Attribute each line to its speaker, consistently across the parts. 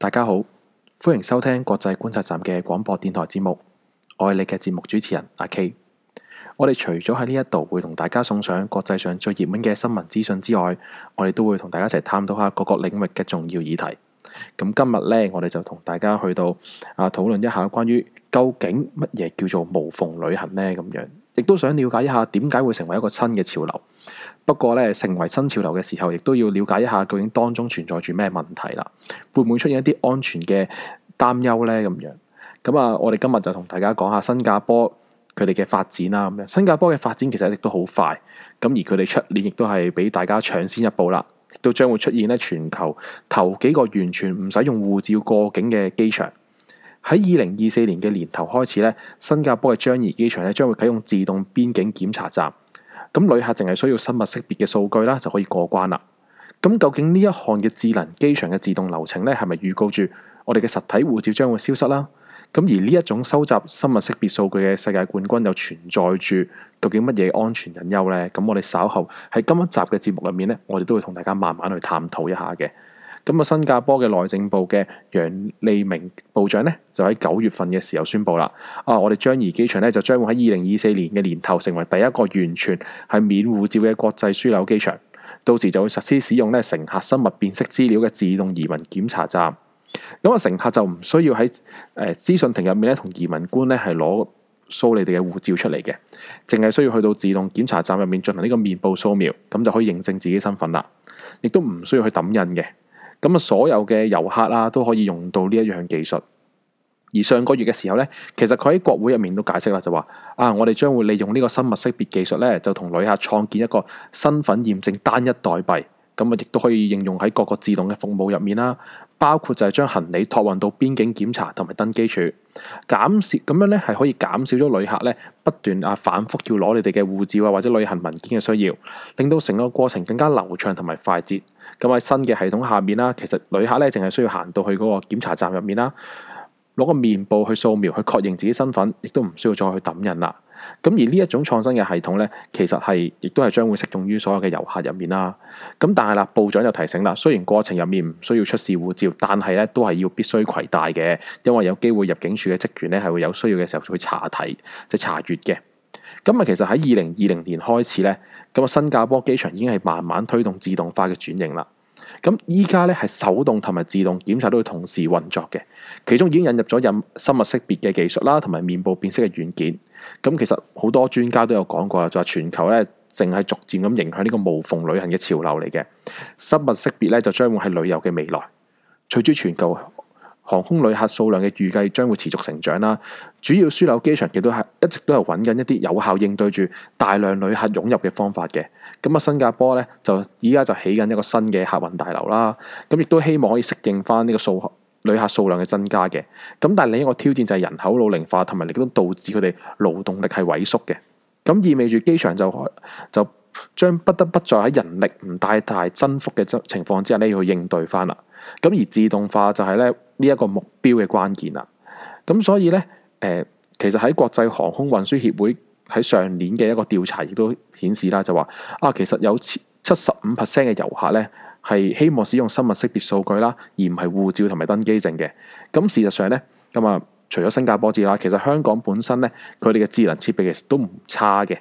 Speaker 1: 大家好，歡迎收聽國際觀察站嘅廣播電台節目，我係你嘅節目主持人阿 K。我哋除咗喺呢一度會同大家送上國際上最熱門嘅新聞資訊之外，我哋都會同大家一齊探討下各個領域嘅重要議題。咁今日呢，我哋就同大家去到啊討論一下關於究竟乜嘢叫做無縫旅行呢？咁樣。亦都想了解一下點解會成為一個新嘅潮流，不過咧成為新潮流嘅時候，亦都要了解一下究竟當中存在住咩問題啦，會唔會出現一啲安全嘅擔憂咧？咁樣咁啊，我哋今日就同大家講下新加坡佢哋嘅發展啦。咁樣新加坡嘅發展其實一直都好快，咁而佢哋出年亦都係俾大家搶先一步啦，都將會出現咧全球頭幾個完全唔使用護照過境嘅機場。喺二零二四年嘅年頭開始咧，新加坡嘅樟宜機場咧將會啟用自動邊境檢查站，咁旅客淨係需要生物識別嘅數據啦，就可以過關啦。咁究竟呢一項嘅智能機場嘅自動流程咧，係咪預告住我哋嘅實體護照將會消失啦？咁而呢一種收集生物識別數據嘅世界冠軍又存在住，究竟乜嘢安全隱憂呢？咁我哋稍後喺今一集嘅節目裏面咧，我哋都會同大家慢慢去探討一下嘅。咁啊，新加坡嘅內政部嘅楊利明部長咧，就喺九月份嘅時候宣布啦。啊，我哋樟宜機場咧就將會喺二零二四年嘅年頭成為第一個完全係免護照嘅國際樞紐機場。到時就會實施使用咧乘客生物辨識資料嘅自動移民檢查站。咁啊，乘客就唔需要喺誒資訊亭入面咧，同移民官咧係攞掃你哋嘅護照出嚟嘅，淨係需要去到自動檢查站入面進行呢個面部掃描，咁就可以認證自己身份啦，亦都唔需要去抌印嘅。咁啊，所有嘅遊客啦、啊，都可以用到呢一樣技術。而上個月嘅時候呢，其實佢喺國會入面都解釋啦，就話啊，我哋將會利用呢個生物識別技術呢，就同旅客創建一個身份驗證單一代幣，咁啊，亦都可以應用喺各個自動嘅服務入面啦、啊，包括就係將行李託運到邊境檢查同埋登機處，減少咁樣呢，係可以減少咗旅客呢不斷啊反復要攞你哋嘅護照啊或者旅行文件嘅需要，令到成個過程更加流暢同埋快捷。咁喺新嘅系統下面啦，其實旅客咧淨係需要行到去嗰個檢查站入面啦，攞個面部去掃描去確認自己身份，亦都唔需要再去揼印啦。咁而呢一種創新嘅系統咧，其實係亦都係將會適用於所有嘅遊客入面啦。咁但係啦，部長又提醒啦，雖然過程入面唔需要出示護照，但係咧都係要必須攜帶嘅，因為有機會入境處嘅職員咧係會有需要嘅時候去查睇即係查閲嘅。今日其實喺二零二零年開始咧，咁啊，新加坡機場已經係慢慢推動自動化嘅轉型啦。咁依家咧係手動同埋自動檢查都要同時運作嘅，其中已經引入咗有生物識別嘅技術啦，同埋面部辨識嘅軟件。咁其實好多專家都有講過啦，就話全球咧淨係逐漸咁迎向呢個無縫旅行嘅潮流嚟嘅，生物識別咧就將會係旅遊嘅未來，隨住全球。航空旅客數量嘅預計將會持續成長啦，主要樞紐機場亦都係一直都係搵緊一啲有效應對住大量旅客湧入嘅方法嘅。咁啊，新加坡咧就依家就起緊一個新嘅客運大樓啦，咁亦都希望可以適應翻呢個數旅客數量嘅增加嘅。咁但係另一個挑戰就係人口老齡化同埋亦都導致佢哋勞動力係萎縮嘅，咁意味住機場就就將不得不再喺人力唔大大增幅嘅情況之下咧要去應對翻啦。咁而自動化就係咧呢一個目標嘅關鍵啦。咁所以呢，誒、呃，其實喺國際航空運輸協會喺上年嘅一個調查亦都顯示啦，就話啊，其實有七十五 percent 嘅遊客呢係希望使用生物識別數據啦，而唔係護照同埋登機證嘅。咁、嗯、事實上呢，咁、嗯、啊，除咗新加坡之外，其實香港本身呢，佢哋嘅智能設備其實都唔差嘅。咁、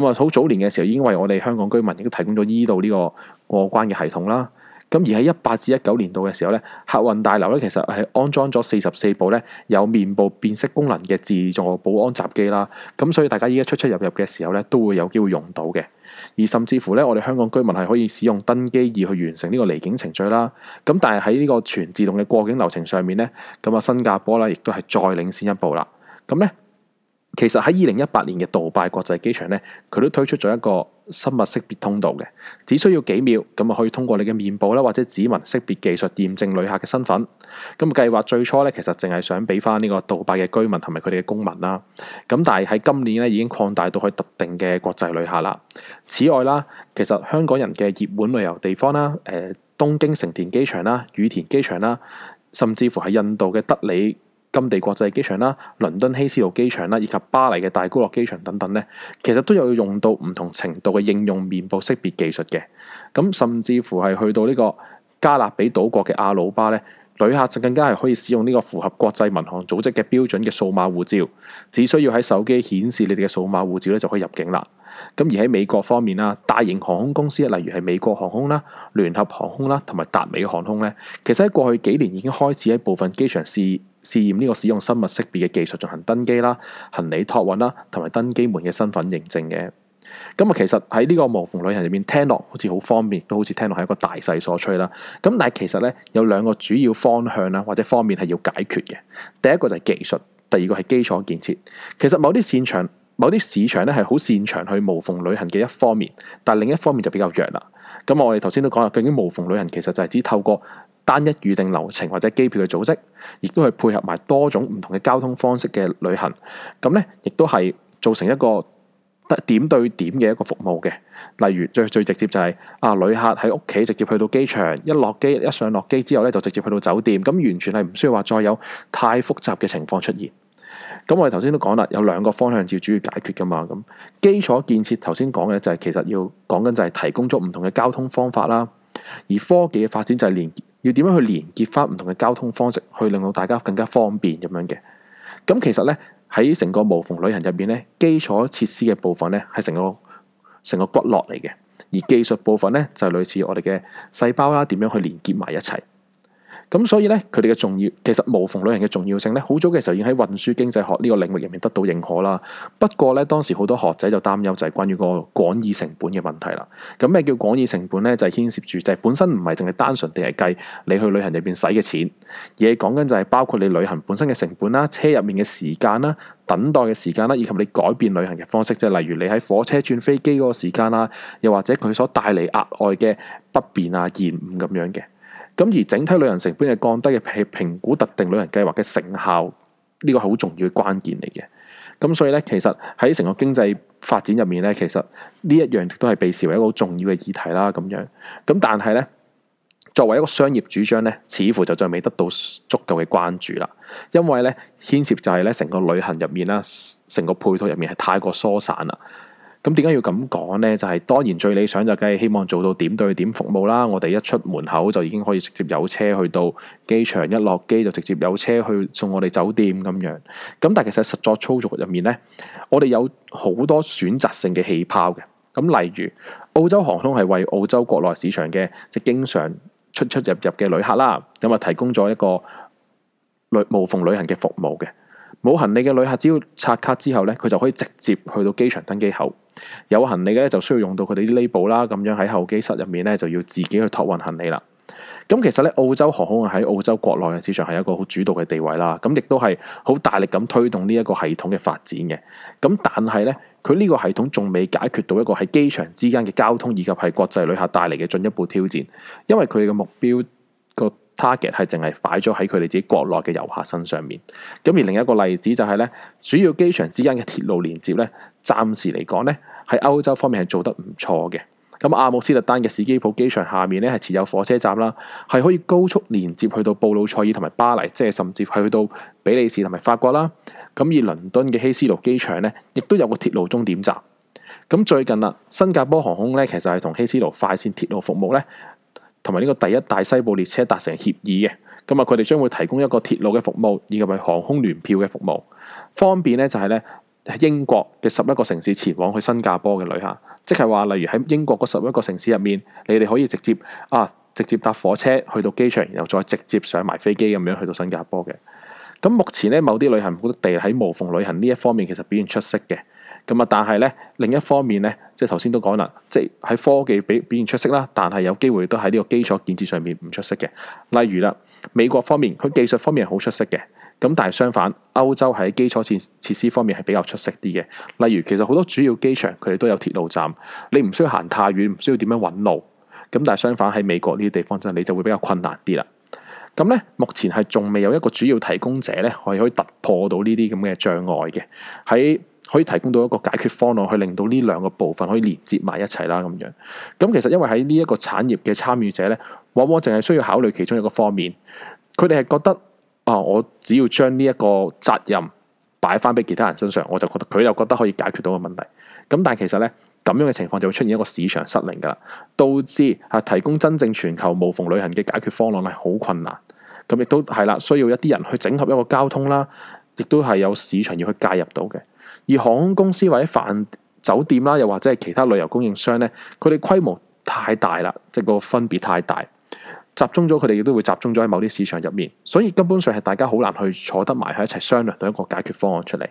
Speaker 1: 嗯、啊，好早年嘅時候已經為我哋香港居民亦都提供咗 e 道呢個過關嘅系統啦。咁而喺一八至一九年度嘅時候咧，客運大樓咧，其實係安裝咗四十四部咧，有面部辨識功能嘅自助保安閘機啦。咁所以大家依家出出入入嘅時候咧，都會有機會用到嘅。而甚至乎咧，我哋香港居民係可以使用登機耳去完成呢個離境程序啦。咁但係喺呢個全自動嘅過境流程上面咧，咁啊新加坡啦，亦都係再領先一步啦。咁咧，其實喺二零一八年嘅杜拜國際機場咧，佢都推出咗一個。生物識別通道嘅只需要幾秒，咁啊，可以通過你嘅面部啦，或者指紋識別技術驗證旅客嘅身份。咁計劃最初咧，其實淨係想俾翻呢個杜拜嘅居民同埋佢哋嘅公民啦。咁但係喺今年咧已經擴大到去特定嘅國際旅客啦。此外啦，其實香港人嘅熱門旅遊地方啦，誒東京成田機場啦、羽田機場啦，甚至乎係印度嘅德里金地國際機場啦、倫敦希斯路機場啦，以及巴黎嘅戴高樂機場等等咧，其實都有用到唔同程度嘅應用面部識別技術嘅。咁甚至乎係去到呢個加勒比島國嘅阿魯巴咧，旅客就更加係可以使用呢個符合國際民航組織嘅標準嘅數碼護照，只需要喺手機顯示你哋嘅數碼護照咧，就可以入境啦。咁而喺美國方面啦，大型航空公司例如係美國航空啦、聯合航空啦，同埋達美航空咧，其實喺過去幾年已經開始喺部分機場試。試驗呢個使用生物識別嘅技術進行登機啦、行李託運啦、同埋登機門嘅身份認證嘅。咁啊，其實喺呢個無縫旅行入面聽落，好似好方便，都好似聽落係一個大勢所趨啦。咁但係其實呢，有兩個主要方向啦，或者方面係要解決嘅。第一個就係技術，第二個係基礎建設。其實某啲擅長、某啲市場呢係好擅長去無縫旅行嘅一方面，但另一方面就比較弱啦。咁我哋頭先都講啦，究竟無縫旅行其實就係只透過。單一預定流程或者機票嘅組織，亦都係配合埋多種唔同嘅交通方式嘅旅行，咁呢，亦都係造成一個點對點嘅一個服務嘅。例如最最直接就係、是、啊，旅客喺屋企直接去到機場，一落機一上落機之後呢，就直接去到酒店，咁完全係唔需要話再有太複雜嘅情況出現。咁我哋頭先都講啦，有兩個方向要主要解決噶嘛。咁基礎建設頭先講嘅就係、是、其實要講緊就係提供咗唔同嘅交通方法啦，而科技嘅發展就係連。要點樣去連結返唔同嘅交通方式，去令到大家更加方便咁樣嘅。咁其實咧喺成個無縫旅行入邊咧，基礎設施嘅部分咧係成個成個骨骼嚟嘅，而技術部分咧就係、類似我哋嘅細胞啦，點樣去連結埋一齊。咁所以咧，佢哋嘅重要，其實無縫旅行嘅重要性咧，好早嘅時候已經喺運輸經濟學呢個領域入面得到認可啦。不過咧，當時好多學者就擔憂就係關於個廣義成本嘅問題啦。咁咩叫廣義成本咧？就係、是、牽涉住就係本身唔係淨係單純地係計你去旅行入面使嘅錢，而講緊就係包括你旅行本身嘅成本啦、車入面嘅時間啦、等待嘅時間啦，以及你改變旅行嘅方式，即係例如你喺火車轉飛機嗰個時間啦，又或者佢所帶嚟額外嘅不便啊、延誤咁樣嘅。咁而整體旅行成本係降低嘅，評估特定旅行計劃嘅成效，呢個係好重要嘅關鍵嚟嘅。咁所以咧，其實喺成個經濟發展入面咧，其實呢一樣都係被視為一個好重要嘅議題啦。咁樣咁，但係咧，作為一個商業主張咧，似乎就仲未得到足夠嘅關注啦。因為咧，牽涉就係咧，成個旅行入面啦，成個配套入面係太過疏散啦。咁點解要咁講呢？就係當然最理想就梗係希望做到點對點服務啦。我哋一出門口就已經可以直接有車去到機場，一落機就直接有車去送我哋酒店咁樣。咁但係其實實作操作入面呢，我哋有好多選擇性嘅氣泡嘅。咁例如澳洲航空係為澳洲國內市場嘅即係經常出出入入嘅旅客啦，咁啊提供咗一個旅無縫旅行嘅服務嘅。冇行李嘅旅客只要刷卡之後呢，佢就可以直接去到機場登機口。有行李嘅咧，就需要用到佢哋啲 label 啦，咁樣喺候機室入面咧，就要自己去託運行李啦。咁其實咧，澳洲航空喺澳洲國內嘅市場係一個好主導嘅地位啦，咁亦都係好大力咁推動呢一個系統嘅發展嘅。咁但係咧，佢呢個系統仲未解決到一個喺機場之間嘅交通，以及係國際旅客帶嚟嘅進一步挑戰，因為佢嘅目標。target 係淨係擺咗喺佢哋自己國內嘅遊客身上面。咁而另一個例子就係咧，主要機場之間嘅鐵路連接咧，暫時嚟講咧，喺歐洲方面係做得唔錯嘅。咁阿姆斯特丹嘅史基普機場下面咧，係持有火車站啦，係可以高速連接去到布魯塞爾同埋巴黎，即係甚至去到比利時同埋法國啦。咁而倫敦嘅希斯路機場咧，亦都有個鐵路終點站。咁最近啦，新加坡航空咧，其實係同希斯路快線鐵路服務咧，同埋呢個第一大西部列車達成協議嘅，咁啊，佢哋將會提供一個鐵路嘅服務，以及係航空聯票嘅服務，方便呢就係呢英國嘅十一個城市前往去新加坡嘅旅客。即係話例如喺英國嗰十一個城市入面，你哋可以直接啊直接搭火車去到機場，然後再直接上埋飛機咁樣去到新加坡嘅。咁目前呢，某啲旅行目的地喺無縫旅行呢一方面其實表現出色嘅。咁啊！但係咧，另一方面咧，即係頭先都講啦，即係喺科技比表現出色啦，但係有機會都喺呢個基礎建設上面唔出色嘅。例如啦，美國方面佢技術方面係好出色嘅，咁但係相反，歐洲喺基礎設設施方面係比較出色啲嘅。例如，其實好多主要機場佢哋都有鐵路站，你唔需要行太遠，唔需要點樣揾路。咁但係相反喺美國呢啲地方真係你就會比較困難啲啦。咁咧，目前係仲未有一個主要提供者咧，可以可以突破到呢啲咁嘅障礙嘅喺。可以提供到一個解決方案，去令到呢兩個部分可以連接埋一齊啦。咁樣。咁其實，因為喺呢一個產業嘅參與者咧，往往淨係需要考慮其中一個方面。佢哋係覺得啊，我只要將呢一個責任擺翻俾其他人身上，我就覺得佢又覺得可以解決到個問題。咁但係其實咧，咁樣嘅情況就會出現一個市場失靈噶啦，導致啊提供真正全球無縫旅行嘅解決方案咧，好困難。咁亦都係啦，需要一啲人去整合一個交通啦，亦都係有市場要去介入到嘅。而航空公司或者飯酒店啦，又或者係其他旅遊供應商呢，佢哋規模太大啦，即係個分別太大，集中咗佢哋亦都會集中咗喺某啲市場入面，所以根本上係大家好難去坐得埋喺一齊商量到一個解決方案出嚟。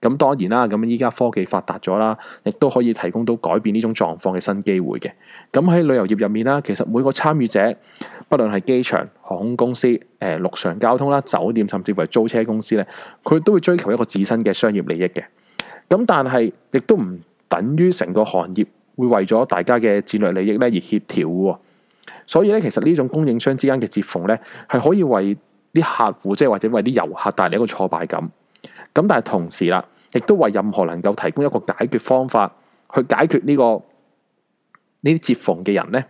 Speaker 1: 咁當然啦，咁依家科技發達咗啦，亦都可以提供到改變呢種狀況嘅新機會嘅。咁喺旅遊業入面啦，其實每個參與者，不論係機場、航空公司、誒陸上交通啦、酒店，甚至乎係租車公司呢，佢都會追求一個自身嘅商業利益嘅。咁但係亦都唔等於成個行業會為咗大家嘅戰略利益咧，而協調嘅，所以咧，其實呢種供應商之間嘅接縫咧，係可以為啲客戶，即係或者為啲遊客帶嚟一個挫敗感。咁但係同時啦，亦都為任何能夠提供一個解決方法去解決這個接縫呢個呢啲接縫嘅人咧，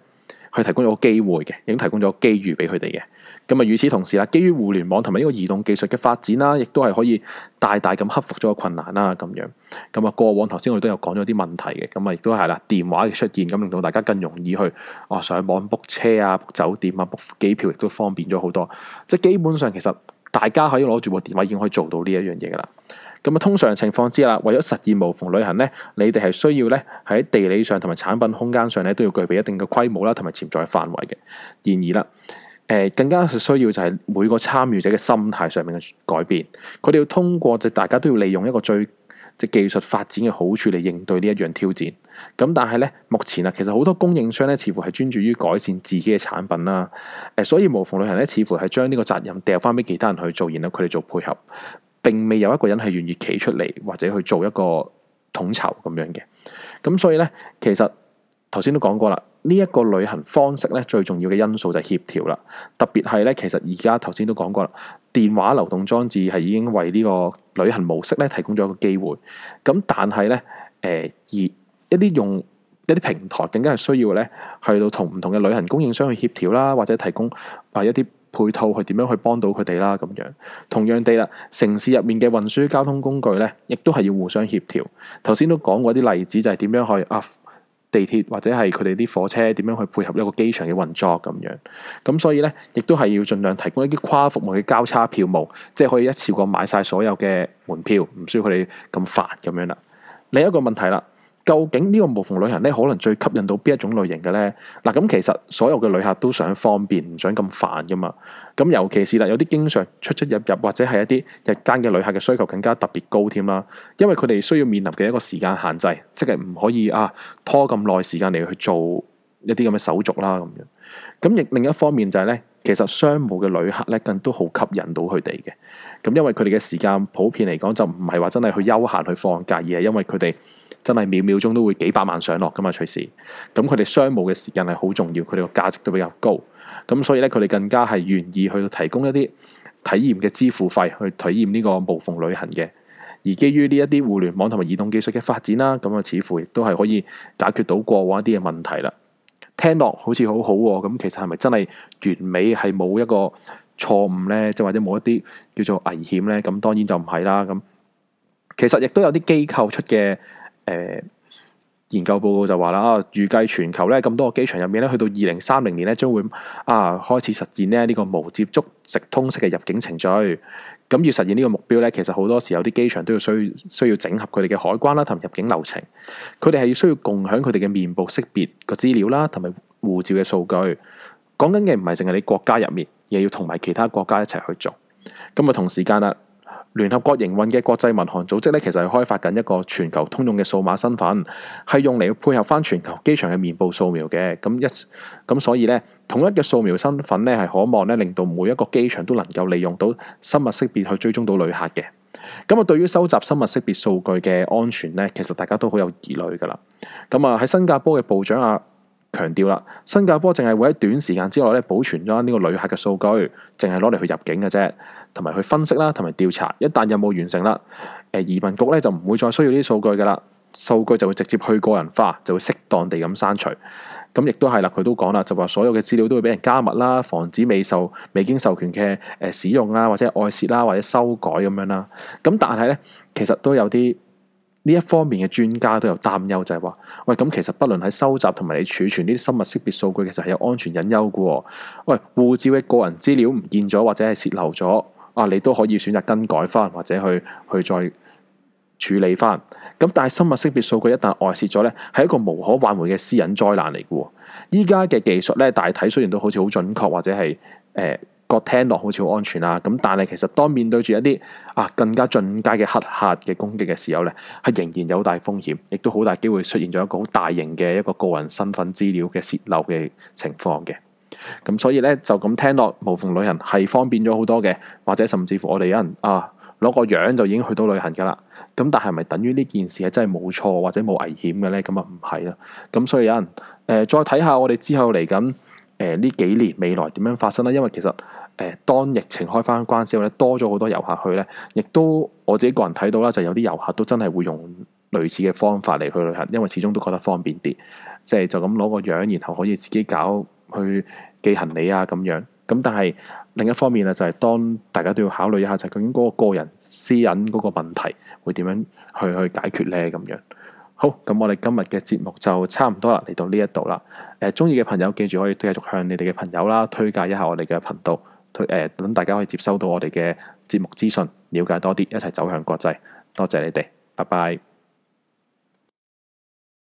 Speaker 1: 去提供咗機會嘅，已經提供咗機遇俾佢哋嘅。咁啊，與此同時啦，基於互聯網同埋呢個移動技術嘅發展啦，亦都係可以大大咁克服咗個困難啦，咁樣。咁啊，過往頭先我哋都有講咗啲問題嘅，咁啊，亦都係啦，電話嘅出現，咁令到大家更容易去哦、啊、上網 book 車啊、book 酒店啊、book 機票、啊，亦都方便咗好多。即係基本上其實大家可以攞住部電話已經可以做到呢一樣嘢噶啦。咁啊，通常情況之下，為咗實現無縫旅行咧，你哋係需要咧喺地理上同埋產品空間上咧都要具備一定嘅規模啦，同埋潛在範圍嘅。然而啦。誒更加需要就係每個參與者嘅心態上面嘅改變，佢哋要通過即大家都要利用一個最即技術發展嘅好處嚟應對呢一樣挑戰。咁但係呢，目前啊，其實好多供應商呢，似乎係專注於改善自己嘅產品啦。所以無縫旅行呢，似乎係將呢個責任掉翻俾其他人去做，然後佢哋做配合，並未有一個人係願意企出嚟或者去做一個統籌咁樣嘅。咁所以呢，其實頭先都講過啦。呢一個旅行方式咧，最重要嘅因素就係協調啦。特別係咧，其實而家頭先都講過啦，電話流動裝置係已經為呢個旅行模式咧提供咗一個機會。咁但係咧，誒、呃、而一啲用一啲平台更加係需要咧，去到同唔同嘅旅行供應商去協調啦，或者提供啊一啲配套去點樣去幫到佢哋啦咁樣。同樣地啦，城市入面嘅運輸交通工具咧，亦都係要互相協調。頭先都講過一啲例子，就係點樣去啊，地鐵或者係佢哋啲火車點樣去配合一個機場嘅運作咁樣，咁所以呢，亦都係要盡量提供一啲跨服務嘅交叉票務，即係可以一次過買晒所有嘅門票，唔需要佢哋咁煩咁樣啦。另一個問題啦。究竟呢個無縫旅行咧，可能最吸引到邊一種類型嘅呢？嗱，咁其實所有嘅旅客都想方便，唔想咁煩噶嘛。咁尤其是啦，有啲經常出出入入或者係一啲日間嘅旅客嘅需求更加特別高添啦。因為佢哋需要面臨嘅一個時間限制，即係唔可以啊拖咁耐時間嚟,去做一啲咁嘅手續啦。咁樣咁亦另一方面就係呢，其實商務嘅旅客呢，更都好吸引到佢哋嘅。咁因為佢哋嘅時間普遍嚟講就唔係話真係去休閒去放假，而係因為佢哋。真係秒秒鐘都會幾百萬上落㗎嘛。隨時咁，佢哋商務嘅時間係好重要，佢哋個價值都比較高，咁所以咧，佢哋更加係願意去提供一啲體驗嘅支付費去體驗呢個無縫旅行嘅。而基於呢一啲互聯網同埋移動技術嘅發展啦，咁啊，似乎亦都係可以解決到過往一啲嘅問題啦。聽落好似好好、哦、喎，咁其實係咪真係完美係冇一個錯誤呢，即或者冇一啲叫做危險呢？咁當然就唔係啦。咁其實亦都有啲機構出嘅。誒、呃，研究報告就話啦、啊，預計全球咧，咁多個機場入面咧，去到二零三零年咧，將會啊開始實現咧呢、呢個無接觸直通式嘅入境程序。咁、嗯、要實現呢個目標咧，其實好多時候有啲機場都需要需需要整合佢哋嘅海關啦同入境流程，佢哋係要需要共享佢哋嘅面部識別個資料啦，同埋護照嘅數據。講緊嘅唔係淨係你國家入面，又要同埋其他國家一齊去做。今、嗯、日同時間啦。聯合國營運嘅國際民航組織咧，其實係開發緊一個全球通用嘅數碼身份，係用嚟配合返全球機場嘅面部掃描嘅。咁一咁所以咧，統一嘅掃描身份咧，係可望咧令到每一個機場都能夠利用到生物識別去追蹤到旅客嘅。咁啊，對於收集生物識別數據嘅安全咧，其實大家都好有疑慮㗎喇。咁啊，喺新加坡嘅部長啊。強調啦，新加坡淨係會喺短時間之內咧保存咗呢個旅客嘅數據，淨係攞嚟去入境嘅啫，同埋去分析啦，同埋調查。一旦任務完成啦，誒移民局咧就唔會再需要呢啲數據噶啦，數據就會直接去個人化，就會適當地咁刪除。咁亦都係啦，佢都講啦，就話所有嘅資料都會俾人加密啦，防止未受未經授權嘅誒使用啊，或者外泄啦，或者修改咁樣啦。咁但係咧，其實都有啲。呢一方面嘅專家都有擔憂，就係話：喂，咁其實不論喺收集同埋你儲存呢啲生物識別數據，其實係有安全隱憂嘅。喂，護照嘅個人資料唔見咗或者係洩漏咗，啊，你都可以選擇更改翻或者去去再處理翻。咁但係生物識別數據一旦外泄咗呢，係一個無可挽回嘅私隱災難嚟嘅。依家嘅技術呢，大體雖然都好似好準確或者係誒。呃個聽落好似好安全啊！咁但係其實當面對住一啲啊更加進階嘅黑客嘅攻擊嘅時候呢，係仍然有大風險，亦都好大機會出現咗一個好大型嘅一個個人身份資料嘅洩漏嘅情況嘅。咁所以呢，就咁聽落，無縫旅行係方便咗好多嘅，或者甚至乎我哋有人啊攞個樣就已經去到旅行㗎啦。咁但係咪等於呢件事係真係冇錯或者冇危險嘅呢？咁啊唔係啦。咁所以有人誒、呃、再睇下我哋之後嚟緊誒呢幾年未來點樣發生啦。因為其實～誒，當疫情開翻關之後咧，多咗好多遊客去呢，亦都我自己個人睇到啦，就有啲遊客都真係會用類似嘅方法嚟去旅行，因為始終都覺得方便啲，即係就咁、是、攞個樣，然後可以自己搞去寄行李啊咁樣。咁但係另一方面呢，就係、是、當大家都要考慮一下，就是、究竟嗰個個人私隱嗰個問題會點樣去去解決呢？咁樣。好，咁我哋今日嘅節目就差唔多啦，嚟到呢一度啦。誒、呃，中意嘅朋友記住可以繼續向你哋嘅朋友啦推介一下我哋嘅頻道。等大家可以接收到我哋嘅節目資訊，了解多啲，一齊走向國際。多謝你哋，拜拜。